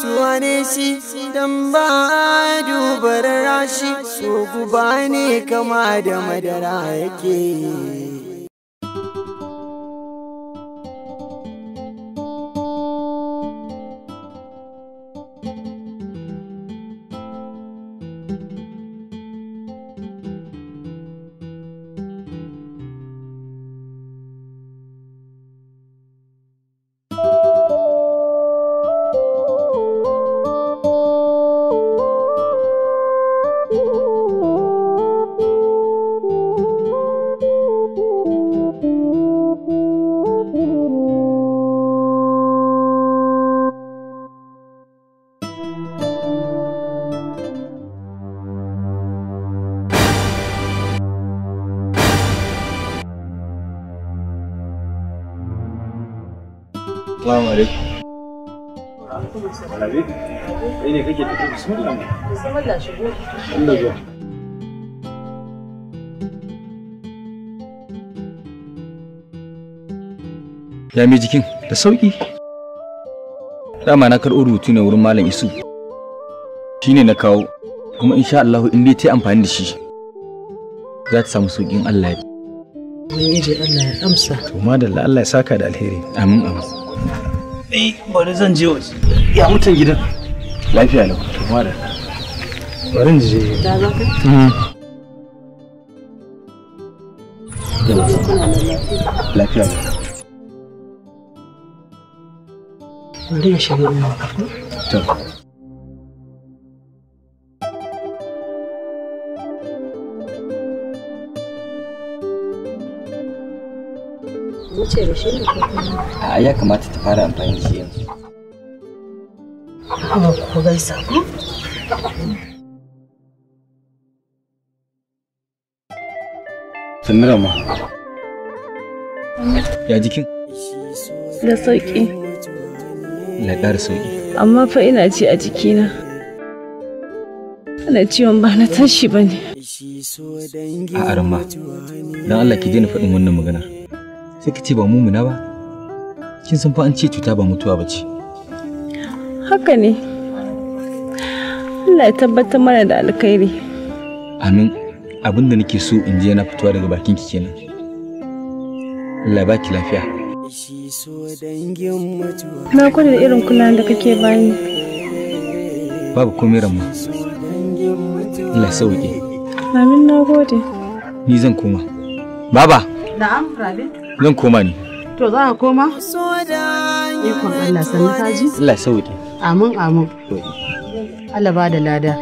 tuwane shi don ba dubar rashi so guba ne kama da madara yake Assalamu alaikum. Ya mai jikin da sauki. Dama na karɓo rubutu ne wurin Malam Isu. Shi ne na kawo, kuma insha Allah in dai ta yi amfani da shi. Za ta samu sauƙin Allah ya. Ubangiji Allah ya amsa. To madalla Allah ya saka da alheri. Amin amin. Eh, bari zan je waje. Ya mutan gidan. Lafiya lau, kuma da. Bari in je. Da za ka? Mm-hmm. Lafiya lau. Bari ya wuce da shi ne ya kamata ta fara amfani da shi yanzu kuma ku gaisa ko sannu ma ya jikin da sauki na ƙara sauki amma fa ina ji a jikina ana ciwon ba na tashi ba ne. A arma, don Allah ki je na faɗin wannan maganar. sai kace ba mumuna ba kin san fa an ce cuta ba mutuwa ba ce haka ne Allah ya tabbatar mana da alkhairi amin abin da nake so in je na fitowa daga bakin ki kenan Allah ba ki lafiya na gode da irin kula da kake bani babu komai ramma Allah sauke amin na gode ni zan koma baba na'am rabi Zan koma ne. To za ka koma? Ikon Allah sannu ka ji? Allah sauke. Amin amin. Allah ba da lada.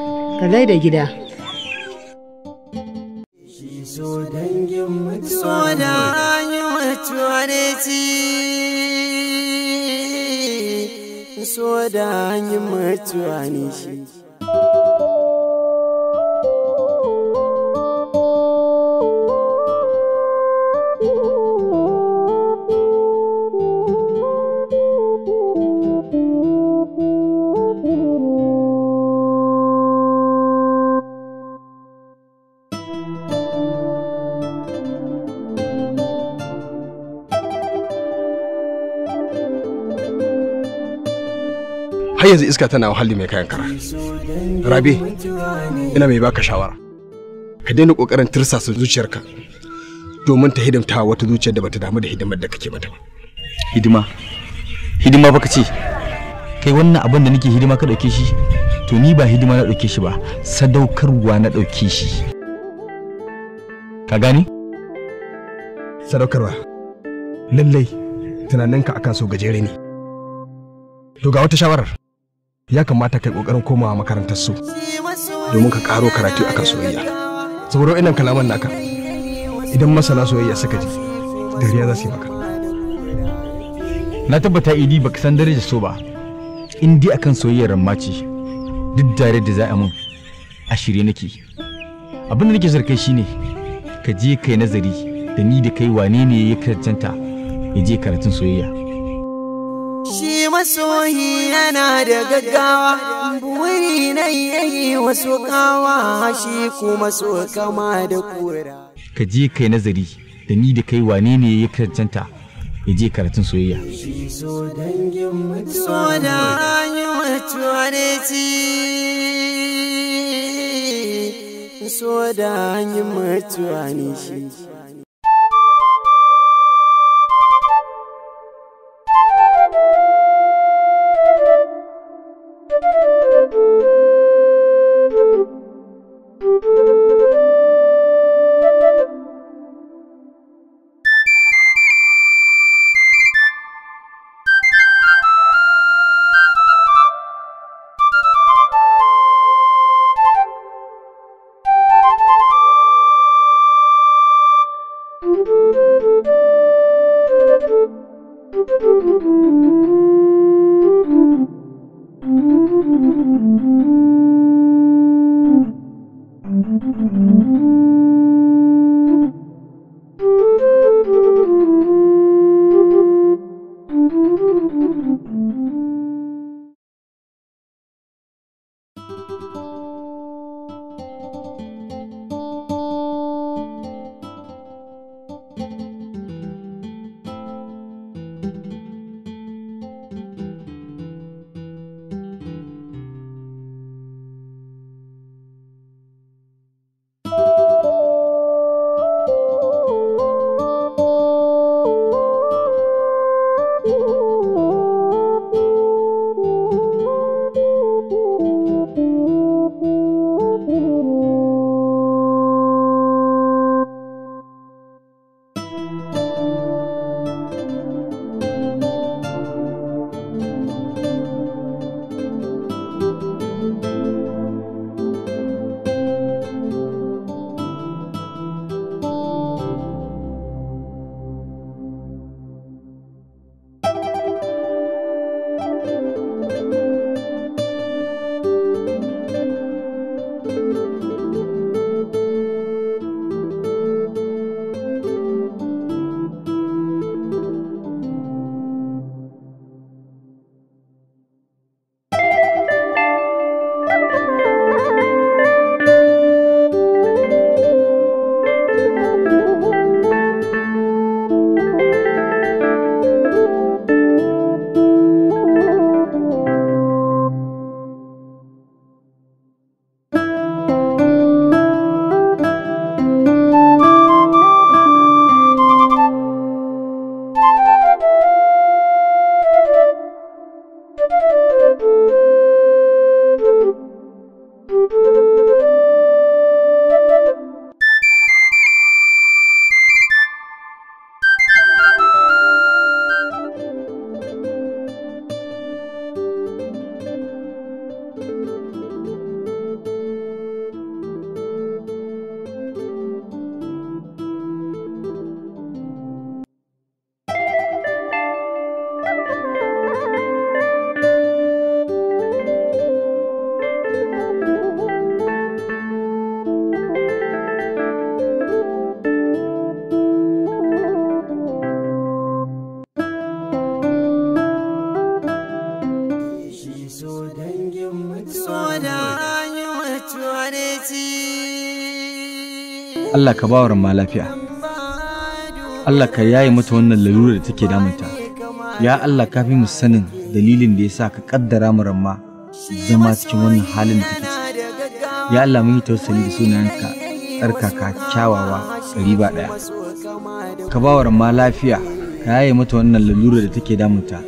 Ka gai gida. So da mutuwa ne har yanzu iska tana wahalli mai kayan kara rabe ina mai baka shawara ka daina kokarin tirsasa zuciyarka domin ta hidimta wata zuciyar da bata damu da hidimar da kake mata hidima hidima baka ce kai wannan abin da nake hidima ka dauke shi to ni ba hidima na dauke shi ba sadaukarwa na dauke shi ka gane sadaukarwa lallai tunaninka akan so gajere ne to ga wata shawarar ya kamata kai kokarin komawa makarantar su domin ka karo karatu akan soyayya saboda wa'annan kalaman naka idan masana soyayya suka ji dariya za su yi maka na tabbata idi baka san darajar so ba in dai akan soyayyar ramaci, duk dare da za a mun a shirye nake abin da nake sarkai shine ka je kai nazari da ni da kai wane ne ya karcanta ya je karatun soyayya masoyi yana da gaggawa buri na yayi wasu kawa shi kuma so kama da kura ka je kai nazari da ni da kai wane ne ya karcanta ya je karatun soyayya so dangin da ci so da mutuwa ne shi Allah ka ba ma lafiya Allah ka yaye mata wannan lalura da take damunta ya Allah ka fi mu sanin dalilin da ya sa ka kaddara mu ramma zama cikin wannan halin da take ciki ya Allah mun yi tausayi da sunayenka tsarkaka kyawawa riba ɗaya ka ba ma lafiya ka yaye mata wannan lalura da take damunta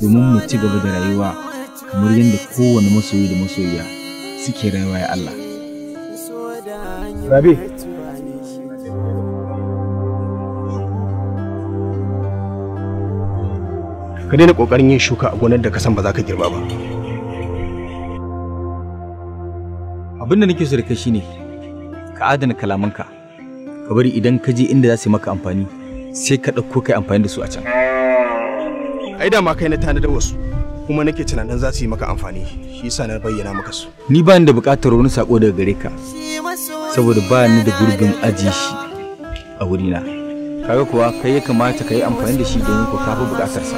domin mu ci gaba da rayuwa kamar yadda kowane masoyi da masoyiya suke rayuwa ya Allah Rabi, ka daina kokarin yin shuka a gonar da ka san ba za ka girba ba abin da nake so da kai shine ka adana kalamanka ka bari idan ka je inda za su maka amfani sai ka ɗauko kai amfani da su a can ai da ma kai na tana da wasu kuma nake tunanin za su yi maka amfani shi yasa na bayyana maka su ni ba ni da buƙatar wani sako daga gare ka saboda ba ni da gurbin aji shi a wurina kaga kuwa kai ya kamata ka yi amfani da shi don ku kafa sa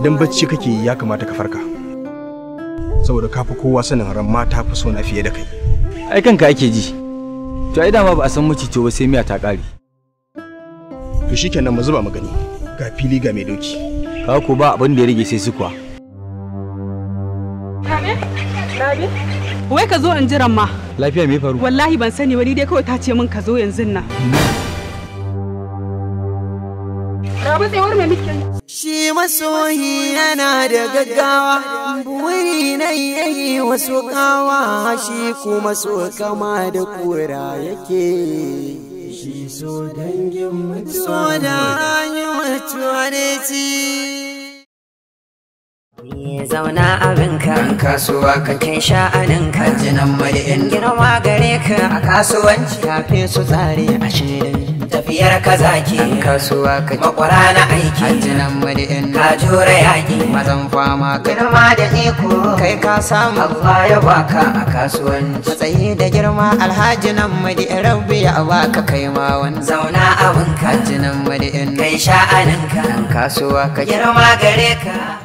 idan bacci kake ya kamata ka farka saboda ka kowa sanin ran mata fi so na fiye da kai ai kanka ake ji to ai dama ba a san macice ba sai miya ta kare to shikenan mu zuba mu gani ga fili ga mai doki kaga ko ba abin da ya rage sai su kuwa Wai ka zo in jiran ma. Lafiya me faru? Wallahi ban sani wani dai kawai ta ce min ka zo yanzu nan. matsayawar mai mikin. Shi masoyi yana da gaggawa, buri na yayi wasu kawa, shi kuma so kama da kura yake. Shi so dangin mutuwa. So da hanyar mutuwa ne ci. zauna abinka in kasuwa ka kakin sha'aninka jinan mai in girma gare ka a kasuwanci kafin su tsari a shirin yarka ka zaki kasuwa ka makwara na aiki ajinan madi'in ka jure yaki mazan fama ka girma da iko kai ka samu Allah ya baka a kasuwanci matsayi da girma alhaji nan madi'in rabbi ya baka kai ma wani zauna abinka ajinan madi'in kai sha'aninka kasuwa ka girma gare ka